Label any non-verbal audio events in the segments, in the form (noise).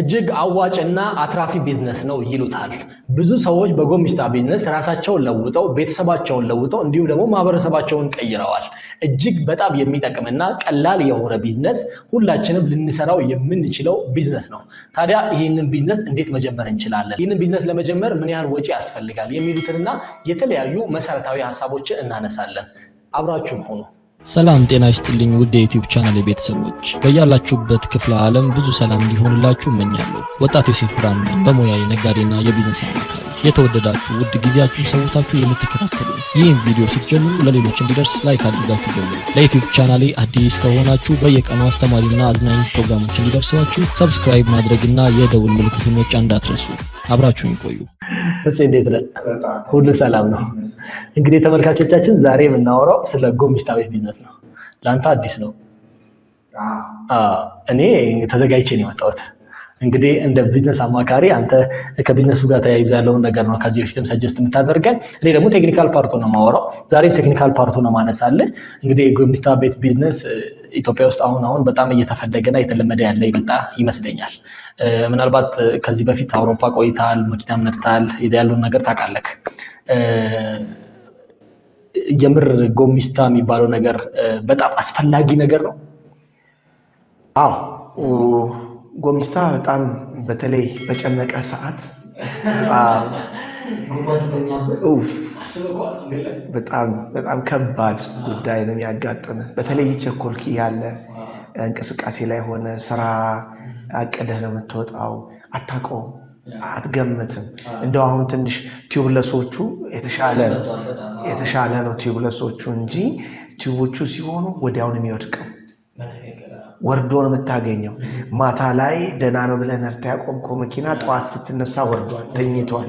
እጅግ አዋጭና አትራፊ ቢዝነስ ነው ይሉታል። ብዙ ሰዎች በጎሚስታ ቢዝነስ ራሳቸውን ለውጠው ቤተሰባቸውን ለውጠው እንዲሁም ደግሞ ማህበረሰባቸውን ቀይረዋል። እጅግ በጣም የሚጠቅምና ቀላል የሆነ ቢዝነስ ሁላችንም ልንሰራው የምንችለው ቢዝነስ ነው። ታዲያ ይህንን ቢዝነስ እንዴት መጀመር እንችላለን? ይህንን ቢዝነስ ለመጀመር ምን ያህል ወጪ ያስፈልጋል? የሚሉትንና የተለያዩ መሰረታዊ ሀሳቦችን እናነሳለን። አብራችሁም ሆኑ ሰላም ጤና ይስጥልኝ ውድ የዩቲዩብ ቻናል ቤተሰቦች፣ በያላችሁበት ክፍለ ዓለም ብዙ ሰላም እንዲሆንላችሁ እመኛለሁ። ወጣት ዮሴፍ ብርሃኑ ነኝ፣ በሙያዬ ነጋዴና የቢዝነስ አማካሪ። የተወደዳችሁ ውድ ጊዜያችሁን ሰውታችሁ የምትከታተሉ ይህን ቪዲዮ ስትጀምሩ ለሌሎች እንዲደርስ ላይክ አድርጋችሁ ጀምሩ። ለዩቲዩብ ቻናሌ አዲስ ከሆናችሁ በየቀኑ አስተማሪና አዝናኝ ፕሮግራሞች እንዲደርሰዋችሁ ሰብስክራይብ ማድረግና የደውል ምልክቱኖች እንዳትረሱ። አብራችሁን ይቆዩ። እሺ እንዴት ነህ? ሁሉ ሰላም ነው። እንግዲህ ተመልካቾቻችን ዛሬ የምናወራው ስለ ጎሚስታ ቤት ቢዝነስ ነው። ለአንተ አዲስ ነው። እኔ ተዘጋጅቼ ነው የመጣሁት። እንግዲህ እንደ ቢዝነስ አማካሪ አንተ ከቢዝነሱ ጋር ተያይዞ ያለውን ነገር ነው ከዚህ በፊትም ሰጀስት የምታደርገን። እኔ ደግሞ ቴክኒካል ፓርቱ ነው የማወራው። ዛሬም ቴክኒካል ፓርቱ ነው ማነሳለ። እንግዲህ ጎሚስታ ቤት ቢዝነስ ኢትዮጵያ ውስጥ አሁን አሁን በጣም እየተፈለገና እየተለመደ ያለ የመጣ ይመስለኛል። ምናልባት ከዚህ በፊት አውሮፓ ቆይታል፣ መኪናም ነድታል፣ ያለውን ነገር ታውቃለህ። የምር ጎሚስታ የሚባለው ነገር በጣም አስፈላጊ ነገር ነው። አዎ ጎሚስታ በጣም በተለይ በጨመቀ ሰዓት በጣም በጣም ከባድ ጉዳይ ነው የሚያጋጥም። በተለይ ቸኮልክ ያለ እንቅስቃሴ ላይ ሆነ ስራ አቅደህ ነው የምትወጣው። አታውቀውም፣ አትገምትም። እንደው አሁን ትንሽ ቲዩብለሶቹ የተሻለ ነው ቲዩብለሶቹ እንጂ ቲዩቦቹ ሲሆኑ ወዲያውን የሚወድቀው ወርዶ ነው የምታገኘው። ማታ ላይ ደህና ነው ብለህ ነርታ ያቆምከው መኪና ጠዋት ስትነሳ ወርዷል፣ ተኝቷል።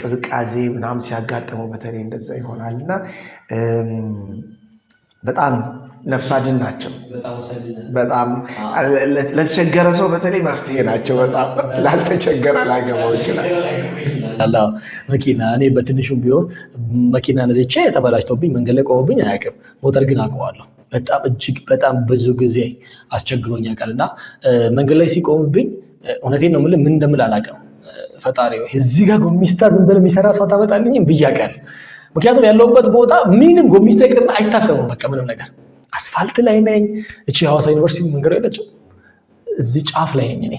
ቅዝቃዜ ምናምን ሲያጋጥመው በተለይ እንደዛ ይሆናል እና በጣም ነፍሳድን ናቸው። በጣም ለተቸገረ ሰው በተለይ መፍትሄ ናቸው። በጣም ላልተቸገረ ላገባው ይችላል። መኪና እኔ በትንሹም ቢሆን መኪና ነድቼ ተበላሽቶብኝ መንገድ ላይ ቆመብኝ አያውቅም። ሞተር ግን አውቀዋለሁ። በጣም እጅግ በጣም ብዙ ጊዜ አስቸግሮኝ ያውቃል እና መንገድ ላይ ሲቆምብኝ እውነቴን ነው የምልህ ምን እንደምል አላውቅም ፈጣሪ ወይ እዚህ ጋር ጎሚስታ ዝም ብለህ የሚሰራ ሰው ታመጣልኝም ብያቀል። ምክንያቱም ያለውበት ቦታ ምንም ጎሚስታ ይቅርና አይታሰብም። በቃ ምንም ነገር አስፋልት ላይ ነኝ። እቺ ሐዋሳ ዩኒቨርሲቲ መንገድ የለችው እዚህ ጫፍ ላይ ነኝ እኔ።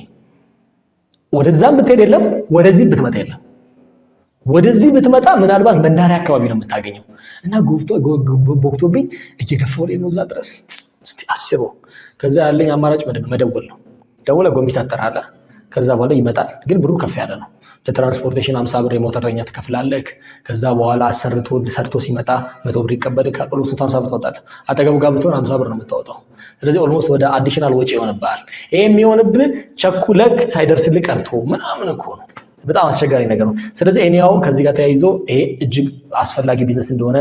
ወደዛም ብትሄድ የለም፣ ወደዚህ ብትመጣ የለም። ወደዚህ ብትመጣ ምናልባት መናሪያ አካባቢ ነው የምታገኘው። እና ቦክቶብኝ እየገፋሁ ላይ ነው እዛ ድረስ። እስቲ አስበው። ከዛ ያለኝ አማራጭ ምንድን ነው? መደወል ነው። ደውለህ ጎሚስታ ትጠራለህ። ከዛ በኋላ ይመጣል። ግን ብሩ ከፍ ያለ ነው። ለትራንስፖርቴሽን አምሳ ብር የሞተረኛ ትከፍላለህ። ከዛ በኋላ አሰርቶ ሰርቶ ሲመጣ መቶ ብር ይቀበል ኦልሞስት መቶ ብር ታወጣለህ። አጠገቡ ጋር ብትሆን አምሳ ብር ነው የምታወጣው። ስለዚህ ኦልሞስት ወደ አዲሽናል ወጪ ይሆንብሃል። ይሄ የሚሆንብህ ቸኩለክ ሳይደርስልህ ቀርቶ ምናምን እኮ ነው። በጣም አስቸጋሪ ነገር ነው። ስለዚህ እኔ ከዚህ ጋር ተያይዞ ይሄ እጅግ አስፈላጊ ቢዝነስ እንደሆነ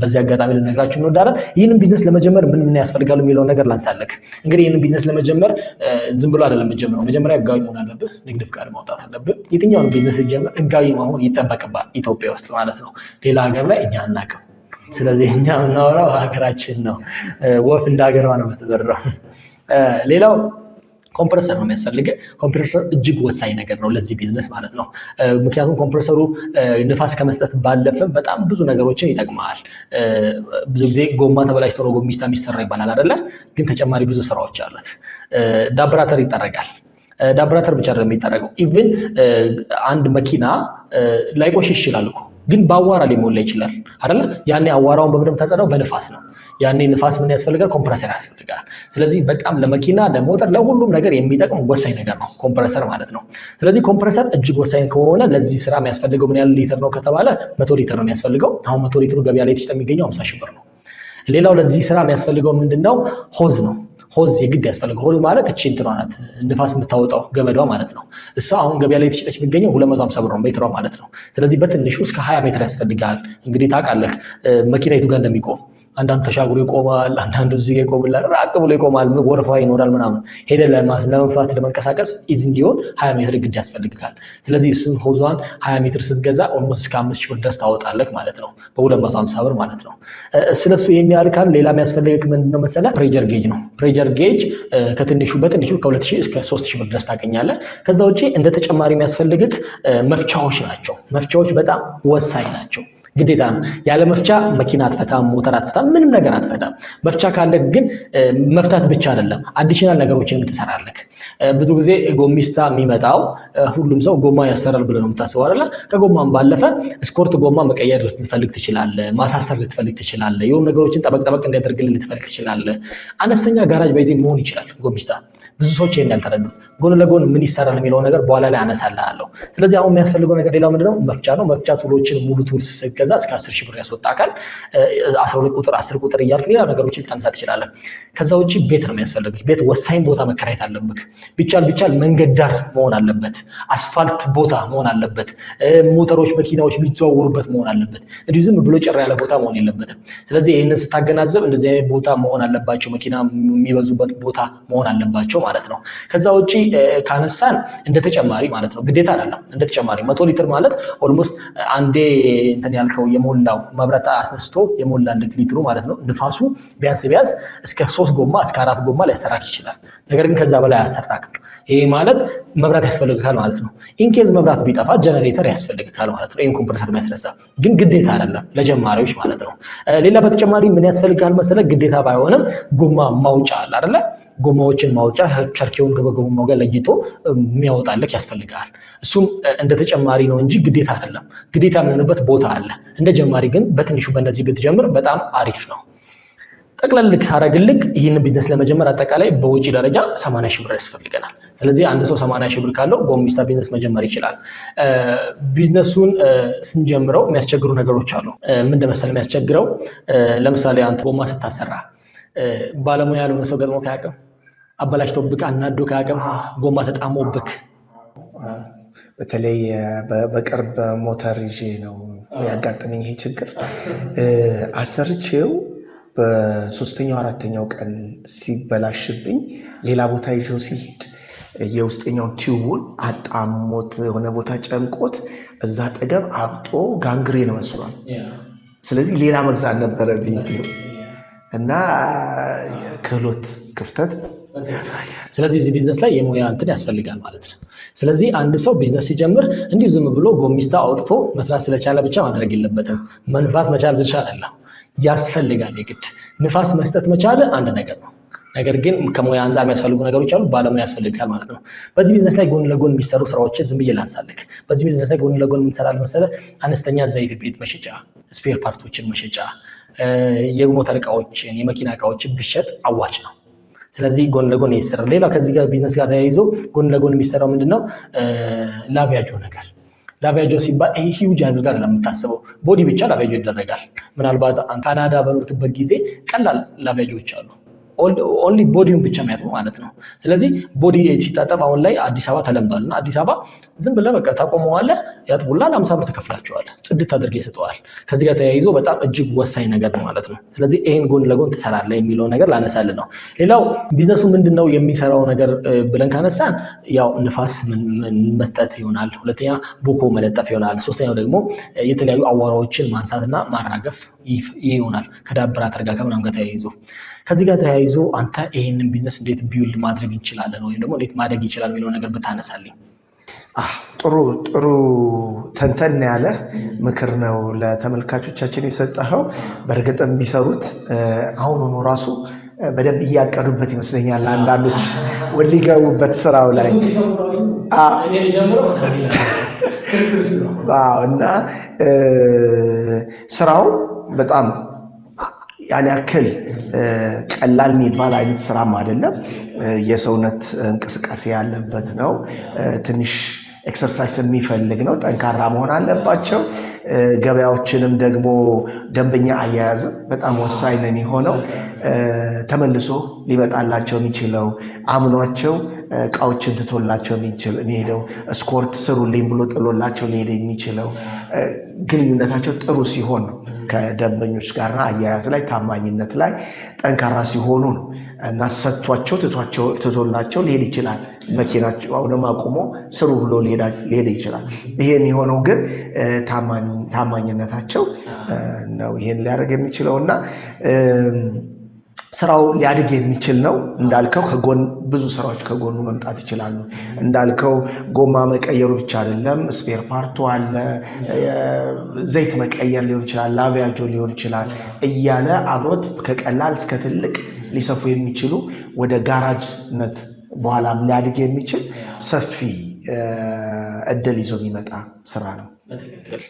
በዚህ አጋጣሚ ልነግራችሁ እንወዳለን። ይህንን ቢዝነስ ለመጀመር ምን ምን ያስፈልጋሉ የሚለውን ነገር ላንሳለክ። እንግዲህ ይህንን ቢዝነስ ለመጀመር ዝም ብሎ አይደለም መጀመረው። መጀመሪያ ህጋዊ መሆን አለብህ። ንግድ ፍቃድ ማውጣት አለብህ። የትኛውን ቢዝነስ ጀምር ህጋዊ መሆን ይጠበቅባል፣ ኢትዮጵያ ውስጥ ማለት ነው። ሌላ ሀገር ላይ እኛ አናውቅም። ስለዚህ እኛ የምናወራው ሀገራችን ነው። ወፍ እንደ ሀገሯ ነው የምትበረው። ሌላው ኮምፕረሰር ነው የሚያስፈልገ። ኮምፕረሰር እጅግ ወሳኝ ነገር ነው ለዚህ ቢዝነስ ማለት ነው። ምክንያቱም ኮምፕረሰሩ ንፋስ ከመስጠት ባለፈም በጣም ብዙ ነገሮችን ይጠቅመሃል። ብዙ ጊዜ ጎማ ተበላሽ ነው ጎሚስታ የሚሰራ ይባላል አደለ? ግን ተጨማሪ ብዙ ስራዎች አሉት። ዳብራተር ይጠረጋል። ዳብራተር ብቻ የሚጠረገው። ኢቭን አንድ መኪና ላይቆሽ ይችላል እኮ ግን በአዋራ ሊሞላ ይችላል አይደለ? ያኔ አዋራውን በምድር ተጸዳው በንፋስ ነው። ያኔ ንፋስ ምን ያስፈልጋል? ኮምፕረሰር ያስፈልጋል። ስለዚህ በጣም ለመኪና ለሞተር፣ ለሁሉም ነገር የሚጠቅም ወሳኝ ነገር ነው ኮምፕረሰር ማለት ነው። ስለዚህ ኮምፕረሰር እጅግ ወሳኝ ከሆነ ለዚህ ስራ የሚያስፈልገው ምን ያህል ሊትር ነው ከተባለ መቶ ሊትር ነው የሚያስፈልገው። አሁን መቶ ሊትሩ ገበያ ላይ የሚገኘው አምሳ ሺህ ብር ነው። ሌላው ለዚህ ስራ የሚያስፈልገው ምንድን ነው? ሆዝ ነው ሆዝ የግድ ያስፈልገው። ሆዝ ማለት እቺ እንትኗ ናት ንፋስ የምታወጣው ገመዷ ማለት ነው። እሷ አሁን ገበያ ላይ የተሸጠች የሚገኘው 250 ብር ነው ሜትሯ ማለት ነው። ስለዚህ በትንሹ እስከ 20 ሜትር ያስፈልጋል። እንግዲህ ታውቃለህ መኪናይቱ ጋር እንደሚቆም አንዳንዱ ተሻግሮ ይቆማል፣ አንዳንዱ እዚህ ጋር ይቆምላል፣ ራቅ ብሎ ይቆማል፣ ወርፋ ይኖራል ምናምን ሄደ ለመንፋት ለመንቀሳቀስ ኢዝ እንዲሆን ሀያ ሜትር ግድ ያስፈልግሃል። ስለዚህ እሱን ሆዟን ሀያ ሜትር ስትገዛ ኦልሞስት እስከ አምስት ሺህ ብር ድረስ ታወጣለህ ማለት ነው፣ በሁለት መቶ ሀምሳ ብር ማለት ነው። ስለሱ ይህን ያህል ሌላ የሚያስፈልግ ምንድን ነው መሰለህ? ፕሬጀር ጌጅ ነው። ፕሬጀር ጌጅ ከትንሹ በትንሹ ከሁለት ሺህ እስከ ሶስት ሺህ ብር ድረስ ታገኛለህ። ከዛ ውጭ እንደ ተጨማሪ የሚያስፈልግህ መፍቻዎች ናቸው። መፍቻዎች በጣም ወሳኝ ናቸው። ግዴታ ነው። ያለ መፍቻ መኪና አትፈታም፣ ሞተር አትፈታም፣ ምንም ነገር አትፈታም። መፍቻ ካለ ግን መፍታት ብቻ አይደለም፣ አዲሽናል ነገሮችን ትሰራለህ። ብዙ ጊዜ ጎሚስታ የሚመጣው ሁሉም ሰው ጎማ ያሰራል ብለህ ነው የምታስበው አይደለ? ከጎማም ባለፈ ስፖርት ጎማ መቀየር ልትፈልግ ትችላለህ፣ ማሳሰር ልትፈልግ ትችላለህ፣ የሆኑ ነገሮችን ጠበቅ ጠበቅ እንዲያደርግልህ ልትፈልግ ትችላለህ። አነስተኛ ጋራጅ በዚህ መሆን ይችላል ጎሚስታ። ብዙ ሰዎች ይህን ያልተረዱት ጎን ለጎን ምን ይሰራል የሚለው ነገር በኋላ ላይ አነሳልሃለሁ። ስለዚህ አሁን የሚያስፈልገው ነገር ሌላው ምንድነው? መፍጫ ነው። መፍጫ ቱሎችን ሙሉ ቱል ስገዛ እስከ አስር ሺህ ብር ያስወጣ አካል አስራ ሁለት ቁጥር አስር ቁጥር እያልክ ሌላ ነገሮችን ልታነሳ ትችላለህ። ከዛ ውጭ ቤት ነው የሚያስፈልግህ። ቤት ወሳኝ ቦታ መከራየት አለብህ። ቢቻል ቢቻል መንገድ ዳር መሆን አለበት። አስፋልት ቦታ መሆን አለበት። ሞተሮች፣ መኪናዎች የሚዘዋውሩበት መሆን አለበት። እንዲሁ ዝም ብሎ ጭራ ያለ ቦታ መሆን የለበትም። ስለዚህ ይህንን ስታገናዘብ እንደዚህ አይነት ቦታ መሆን አለባቸው። መኪና የሚበዙበት ቦታ መሆን አለባቸው ማለት ነው። ከዛ ውጭ Eh, ካነሳን እንደ ተጨማሪ ማለት ነው። ግዴታ አይደለም፣ እንደ ተጨማሪ መቶ ሊትር ማለት ኦልሞስት አንዴ እንትን ያልከው የሞላው መብረት አስነስቶ የሞላ ልክ ሊትሩ ማለት ነው። ንፋሱ ቢያንስ ቢያንስ እስከ ሶስት ጎማ እስከ አራት ጎማ ሊያሰራክ ይችላል። ነገር ግን ከዛ በላይ አያሰራክም። ይሄ ማለት መብራት ያስፈልግካል ማለት ነው። ኢንኬዝ መብራት ቢጠፋ ጀነሬተር ያስፈልግካል ማለት ነው። ይህን ኮምፕረሰር የሚያስነሳ ግን ግዴታ አይደለም ለጀማሪዎች ማለት ነው። ሌላ በተጨማሪ ምን ያስፈልጋል መሰለ ግዴታ ባይሆንም ጎማ ማውጫ አለ አይደለ ጎማዎችን ማውጫ ቸርኬውን ከበጎማው ጋር ለይቶ የሚያወጣልክ ያስፈልጋል። እሱም እንደ ተጨማሪ ነው እንጂ ግዴታ አይደለም። ግዴታ የሚሆንበት ቦታ አለ። እንደ ጀማሪ ግን በትንሹ በእነዚህ ብትጀምር በጣም አሪፍ ነው። ጠቅለልክ ሳረግልክ ይህን ቢዝነስ ለመጀመር አጠቃላይ በውጭ ደረጃ 80 ሺህ ብር ያስፈልገናል። ስለዚህ አንድ ሰው 80 ሺህ ብር ካለው ጎሚስታ ቢዝነስ መጀመር ይችላል። ቢዝነሱን ስንጀምረው የሚያስቸግሩ ነገሮች አሉ። ምን መሰል የሚያስቸግረው፣ ለምሳሌ አንተ ጎማ ስታሰራ ባለሙያ ያልሆነ ሰው ገጥሞ ከያቅም አበላሽተውብክ፣ አናዶ ከአቅም ጎማ ተጣሞብክ። በተለይ በቅርብ ሞተር ይዤ ነው ያጋጠመኝ ይሄ ችግር። አሰርቼው በሶስተኛው አራተኛው ቀን ሲበላሽብኝ ሌላ ቦታ ይዤው ሲሄድ የውስጠኛውን ቲዩቡን አጣሞት የሆነ ቦታ ጨምቆት እዛ አጠገብ አብጦ ጋንግሬን መስሏል። ስለዚህ ሌላ መግዛት ነበረብኝ እና ክህሎት ክፍተት ስለዚህ እዚህ ቢዝነስ ላይ የሙያ እንትን ያስፈልጋል ማለት ነው። ስለዚህ አንድ ሰው ቢዝነስ ሲጀምር እንዲሁ ዝም ብሎ ጎሚስታ አውጥቶ መስራት ስለቻለ ብቻ ማድረግ የለበትም። መንፋት መቻል ብቻ አይደለም ያስፈልጋል። የግድ ንፋስ መስጠት መቻል አንድ ነገር ነው። ነገር ግን ከሙያ አንጻር የሚያስፈልጉ ነገሮች አሉ። ባለሙያ ያስፈልጋል ማለት ነው። በዚህ ቢዝነስ ላይ ጎን ለጎን የሚሰሩ ስራዎችን ዝም ብዬ ላንሳልክ። በዚህ ቢዝነስ ላይ ጎን ለጎን የምንሰራል መሰለ አነስተኛ ዘይት ቤት መሸጫ፣ ስፔር ፓርቶችን መሸጫ፣ የሞተር እቃዎችን፣ የመኪና እቃዎችን ብሸጥ አዋጭ ነው። ስለዚህ ጎን ለጎን ይሰራል። ሌላ ከዚህ ጋር ቢዝነስ ጋር ተያይዞ ጎን ለጎን የሚሰራው ምንድነው? ላቪያጆ ነገር ላቪያጆ ሲባል ይሄ ሂውጅ አድርጋ ለምታስበው ቦዲ ብቻ ላቪያጆ ይደረጋል። ምናልባት ካናዳ በኖርክበት ጊዜ ቀላል ላቪያጆዎች አሉ። ኦንሊ ቦዲውን ብቻ የሚያጥ ማለት ነው። ስለዚህ ቦዲ ሲታጠብ አሁን ላይ አዲስ አበባ ተለምዷል እና አዲስ አበባ ዝም ብለህ በቃ ታቆመዋለህ፣ ያጥቡላ ለአምሳ ብር ትከፍላቸዋለህ፣ ጽድት አድርገህ ይሰጠዋል። ከዚህ ጋር ተያይዞ በጣም እጅግ ወሳኝ ነገር ነው ማለት ነው። ስለዚህ ይህን ጎን ለጎን ትሰራለህ የሚለውን ነገር ላነሳልህ ነው። ሌላው ቢዝነሱ ምንድን ነው የሚሰራው ነገር ብለን ካነሳን ያው ንፋስ መስጠት ይሆናል፣ ሁለተኛ ቦኮ መለጠፍ ይሆናል፣ ሶስተኛው ደግሞ የተለያዩ አዋራዎችን ማንሳትና ማራገፍ ይሆናል ከዳበራ አተርጋ ከምናም ጋር ተያይዞ ከዚህ ጋር ተያይዞ አንተ ይህንን ቢዝነስ እንዴት ቢውልድ ማድረግ እንችላለን ወይም ደግሞ እንዴት ማደግ ይችላል የሚለው ነገር ብታነሳልኝ። ጥሩ ጥሩ ተንተን ያለ ምክር ነው ለተመልካቾቻችን የሰጠኸው። በእርግጥም ቢሰሩት አሁኑኑ ራሱ በደንብ እያቀዱበት ይመስለኛል። አንዳንዶች ወሊገቡበት ስራው ላይ እና ስራው በጣም ያን ያክል ቀላል የሚባል አይነት ስራም አይደለም። የሰውነት እንቅስቃሴ ያለበት ነው ትንሽ ኤክሰርሳይስ የሚፈልግ ነው። ጠንካራ መሆን አለባቸው። ገበያዎችንም ደግሞ ደንበኛ አያያዝ በጣም ወሳኝ ነው የሚሆነው ተመልሶ ሊመጣላቸው የሚችለው አምኗቸው እቃዎችን ትቶላቸው የሚሄደው እስኮርት ስሩልኝ ብሎ ጥሎላቸው ሊሄድ የሚችለው ግንኙነታቸው ጥሩ ሲሆን ነው። ከደንበኞች ጋር አያያዝ ላይ ታማኝነት ላይ ጠንካራ ሲሆኑ ነው እና ሰጥቷቸው ትቶላቸው ሊሄድ ይችላል። መኪናቸው አሁንም አቁሞ ስሩ ብሎ ሊሄድ ይችላል። ይሄ የሚሆነው ግን ታማኝነታቸው ነው ይሄን ሊያደርግ የሚችለው እና ስራው ሊያድግ የሚችል ነው። እንዳልከው ከጎን ብዙ ስራዎች ከጎኑ መምጣት ይችላሉ። እንዳልከው ጎማ መቀየሩ ብቻ አይደለም፣ ስፔር ፓርቱ አለ፣ ዘይት መቀየር ሊሆን ይችላል፣ ላቪያጆ ሊሆን ይችላል እያለ አብሮት ከቀላል እስከ ትልቅ ሊሰፉ የሚችሉ ወደ ጋራጅነት በኋላም ሊያድግ የሚችል ሰፊ እድል ይዞ የሚመጣ ስራ ነው። በትክክል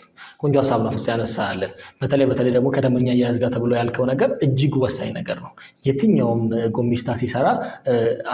ቆንጆ ሀሳብ ነው ያነሳለን። በተለይ በተለይ ደግሞ ከደንበኛ አያያዝ ጋር ተብሎ ያልከው ነገር እጅግ ወሳኝ ነገር ነው። የትኛውም ጎሚስታ ሲሰራ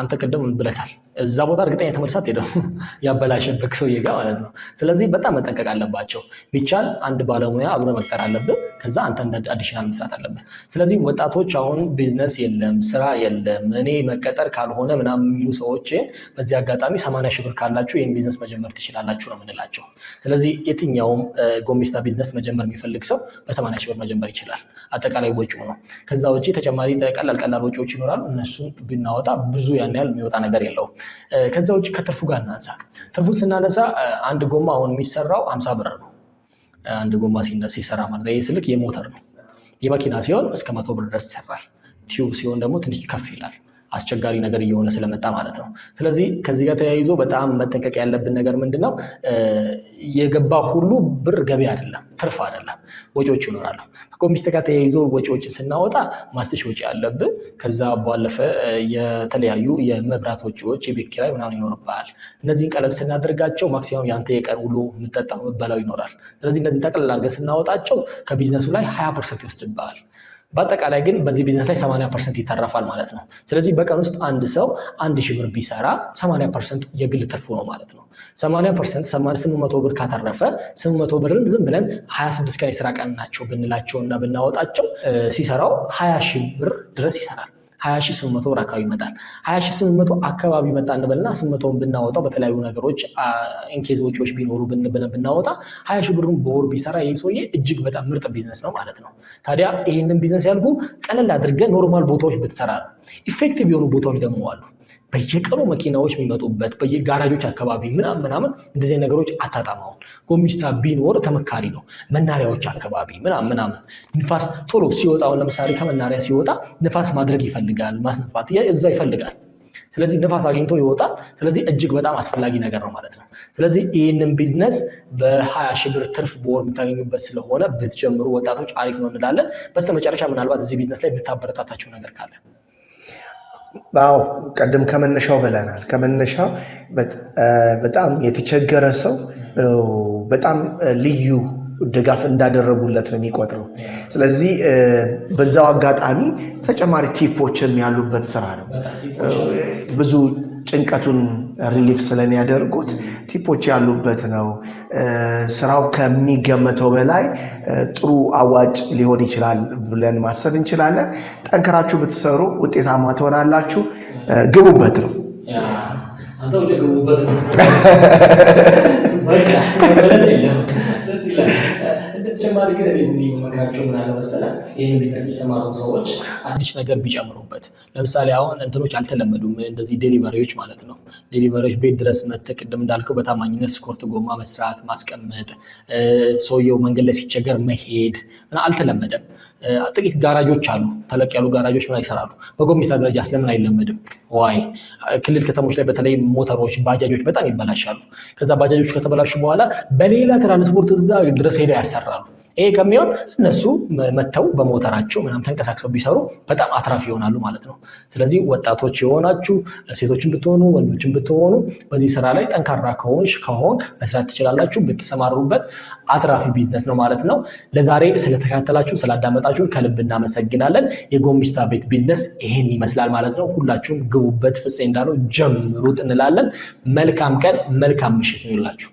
አንተ ቅድም ብለካል፣ እዛ ቦታ እርግጠኛ ተመልሳ አትሄድም፣ (laughs) ያበላሸብክ ሰውዬ ጋር ማለት ነው። ስለዚህ በጣም መጠንቀቅ አለባቸው። ቢቻል አንድ ባለሙያ አብረ መቅጠር አለብህ፣ ከዛ አንተ አዲሽናል መስራት አለብህ። ስለዚህ ወጣቶች አሁን ቢዝነስ የለም ስራ የለም እኔ መቀጠር ካልሆነ ምናምን የሚሉ ሰዎች በዚህ አጋጣሚ ሰማንያ ሺህ ብር ካላችሁ ይህን ቢዝነስ መጀመር ትችላላችሁ ነው የምንላቸው። ስለዚህ የትኛ ማንኛውም ጎሚስታ ቢዝነስ መጀመር የሚፈልግ ሰው በሰማንያ ሺህ ብር መጀመር ይችላል። አጠቃላይ ወጪው ነው። ከዛ ውጭ ተጨማሪ ቀላል ቀላል ወጪዎች ይኖራሉ። እነሱን ብናወጣ ብዙ ያን ያህል የሚወጣ ነገር የለውም። ከዛ ውጭ ከትርፉ ጋር እናንሳ። ትርፉን ስናነሳ አንድ ጎማ አሁን የሚሰራው ሀምሳ ብር ነው። አንድ ጎማ ሲሰራ ማለት ይህ ስልክ የሞተር ነው። የመኪና ሲሆን እስከ መቶ ብር ድረስ ይሰራል። ቲዩብ ሲሆን ደግሞ ትንሽ ከፍ ይላል። አስቸጋሪ ነገር እየሆነ ስለመጣ ማለት ነው። ስለዚህ ከዚህ ጋር ተያይዞ በጣም መጠንቀቅ ያለብን ነገር ምንድን ነው? የገባ ሁሉ ብር ገቢ አይደለም፣ ትርፍ አይደለም፣ ወጪዎች ይኖራሉ። ከኮሚስት ጋር ተያይዞ ወጪዎችን ስናወጣ ማስትሽ ወጪ አለብህ። ከዛ ባለፈ የተለያዩ የመብራት ወጪዎች፣ የቤት ኪራይ ምናምን ይኖርብሃል። እነዚህን ቀለል ስናደርጋቸው ማክሲማም የአንተ የቀን ውሎ የምጠጣው የምበላው ይኖራል። ስለዚህ እነዚህን ጠቅልል አድርገን ስናወጣቸው ከቢዝነሱ ላይ ሀያ ፐርሰንት ይወስድብሃል። በአጠቃላይ ግን በዚህ ቢዝነስ ላይ 80 ፐርሰንት ይተረፋል ማለት ነው። ስለዚህ በቀን ውስጥ አንድ ሰው አንድ ሺህ ብር ቢሰራ 80 ፐርሰንት የግል ትርፉ ነው ማለት ነው። 80 ፐርሰንት 800 ብር ካተረፈ 800 ብርን ዝም ብለን 26 ቀን የስራ ቀን ናቸው ብንላቸው እና ብናወጣቸው ሲሰራው 20 ሺህ ብር ድረስ ይሰራል። ሀያ ሺህ ስምንት መቶ ብር አካባቢ ይመጣል። ሀያ ሺህ ስምንት መቶ አካባቢ መጣ እንበልና ስምንት መቶውን ብናወጣው በተለያዩ ነገሮች ኢንኬዝ ወጪዎች ቢኖሩ ብለን ብናወጣ ሀያ ሺህ ብሩን በወር ቢሰራ ይህ ሰውዬ እጅግ በጣም ምርጥ ቢዝነስ ነው ማለት ነው። ታዲያ ይህንን ቢዝነስ ያልኩ ቀለል አድርገን ኖርማል ቦታዎች ብትሰራ ነው። ኢፌክቲቭ የሆኑ ቦታዎች ደግሞ አሉ። በየቀኑ መኪናዎች የሚመጡበት በየጋራጆች አካባቢ ምናምን ምናምን እንደዚህ ነገሮች አታጣማውን ጎሚስታ ቢኖር ተመካሪ ነው። መናሪያዎች አካባቢ ምናምን ምናምን ንፋስ ቶሎ ሲወጣውን ለምሳሌ ከመናሪያ ሲወጣ ንፋስ ማድረግ ይፈልጋል፣ ማስነፋት እዛ ይፈልጋል። ስለዚህ ንፋስ አግኝቶ ይወጣል። ስለዚህ እጅግ በጣም አስፈላጊ ነገር ነው ማለት ነው። ስለዚህ ይህንን ቢዝነስ በሀያ ሺህ ብር ትርፍ በወር የምታገኙበት ስለሆነ ብትጀምሩ ወጣቶች አሪፍ ነው እንላለን። በስተመጨረሻ ምናልባት እዚህ ቢዝነስ ላይ የምታበረታታቸው ነገር ካለ አዎ ቀደም ከመነሻው ብለናል። ከመነሻው በጣም የተቸገረ ሰው በጣም ልዩ ድጋፍ እንዳደረጉለት ነው የሚቆጥረው። ስለዚህ በዛው አጋጣሚ ተጨማሪ ቲፖችም ያሉበት ስራ ነው። ብዙ ጭንቀቱን ሪሊፍ ስለሚያደርጉት ቲፖች ያሉበት ነው። ስራው ከሚገመተው በላይ ጥሩ አዋጭ ሊሆን ይችላል ብለን ማሰብ እንችላለን። ጠንክራችሁ ብትሰሩ ውጤታማ ትሆናላችሁ። ግቡበት ነው። አንተ ግቡበት ነው። በተጨማሪ ግን እኔ ዝም መክራቸው ምን አለመሰለ ይህን ቤት የሚሰማሩ ሰዎች አዲስ ነገር ቢጨምሩበት። ለምሳሌ አሁን እንትኖች አልተለመዱም፣ እንደዚህ ዴሊቨሪዎች ማለት ነው። ዴሊቨሪዎች ቤት ድረስ መተ ቅድም እንዳልከው በታማኝነት ስኮርት ጎማ መስራት፣ ማስቀመጥ፣ ሰውየው መንገድ ላይ ሲቸገር መሄድ አልተለመደም። ጥቂት ጋራጆች አሉ፣ ተለቅ ያሉ ጋራጆች ምን ይሰራሉ። በጎሚስታ ደረጃ ስለምን አይለመድም? ዋይ ክልል ከተሞች ላይ በተለይ ሞተሮች፣ ባጃጆች በጣም ይበላሻሉ። ከዛ ባጃጆች ከተበላሹ በኋላ በሌላ ትራንስፖርት እዛ ድረስ ሄደው ያሰራሉ። ይሄ ከሚሆን እነሱ መተው በሞተራቸው ምናምን ተንቀሳቅሰው ቢሰሩ በጣም አትራፊ ይሆናሉ ማለት ነው። ስለዚህ ወጣቶች የሆናችሁ ሴቶችን ብትሆኑ ወንዶችን ብትሆኑ በዚህ ስራ ላይ ጠንካራ ከሆንሽ ከሆንክ መስራት ትችላላችሁ። ብትሰማሩበት አትራፊ ቢዝነስ ነው ማለት ነው። ለዛሬ ስለተከታተላችሁ ስላዳመጣችሁን ከልብ እናመሰግናለን። የጎሚስታ ቤት ቢዝነስ ይሄን ይመስላል ማለት ነው። ሁላችሁም ግቡበት፣ ፍፄ እንዳለው ጀምሩት እንላለን። መልካም ቀን፣ መልካም ምሽት ይሁንላችሁ።